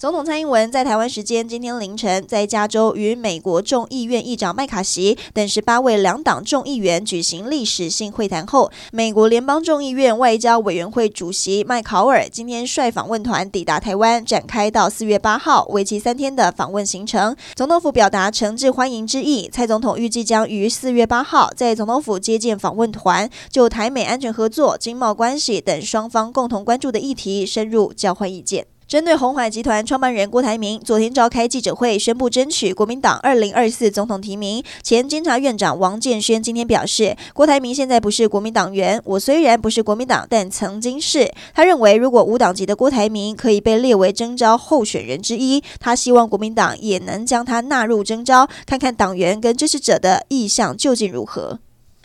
總統蔡英文在台灣時間今天凌晨，在加州與美國眾議院議長麥卡錫等十八位兩黨眾議員舉行歷史性會談後，美國聯邦眾議院外交委員會主席麥考爾今天率訪問團抵達台灣，展開到四月八號為期三天的訪問行程。總統府表達誠摯歡迎之意，蔡總統預計將於四月八號在總統府接見訪問團，就台美安全合作、經貿關係等雙方共同關注的議題深入交換意見。針對鴻海集團創辦人郭台銘昨天召開記者會，宣布爭取國民黨二零二四總統提名。前監察院長王建煊今天表示，郭台銘現在不是國民黨員，我雖然不是國民黨，但曾經是。他認為，如果無黨籍的郭台銘可以被列為徵召候選人之一，他希望國民黨也能將他納入徵召，看看黨員跟支持者的意向究竟如何。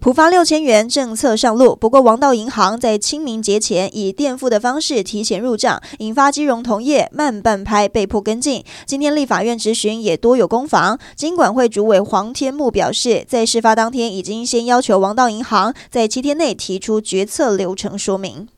普發六千元政策上路，不過王道銀行在清明節前以墊付的方式提前入賬，引發金融同業慢半拍，被迫跟進。今天立法院質詢也多有攻防，金管會主委黃天牧表示，在事發當天已經先要求王道銀行在七天內提出決策流程說明。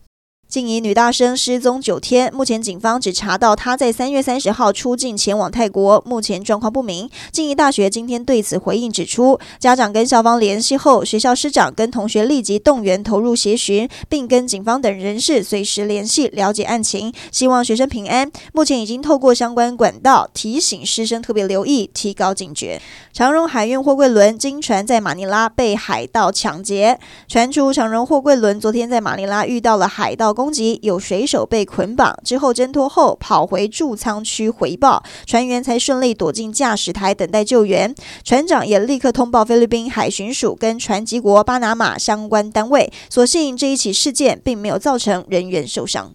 靜怡女大學生失蹤九天，目前警方只查到她在三月三十號出境前往泰國，目前狀況不明。靜宜大學今天對此回應指出，家長跟校方聯繫後，學校師長跟同學立即動員投入協尋，並跟警方等人士隨時聯繫了解案情，希望學生平安。目前已經透過相關管道提醒師生特別留意，提高警覺。長榮海運貨櫃輪驚傳在馬尼拉被海盜搶劫，傳出長榮貨櫃輪昨天在馬尼拉遇到了海盜。攻擊，有水手被捆綁。之後掙脫後跑回住艙區，回報船員，才順利躲進駕駛台等待救援。船長也立刻通報菲律賓海巡署跟船籍國巴拿馬相關單位。所幸這一起事件並沒有造成人員受傷。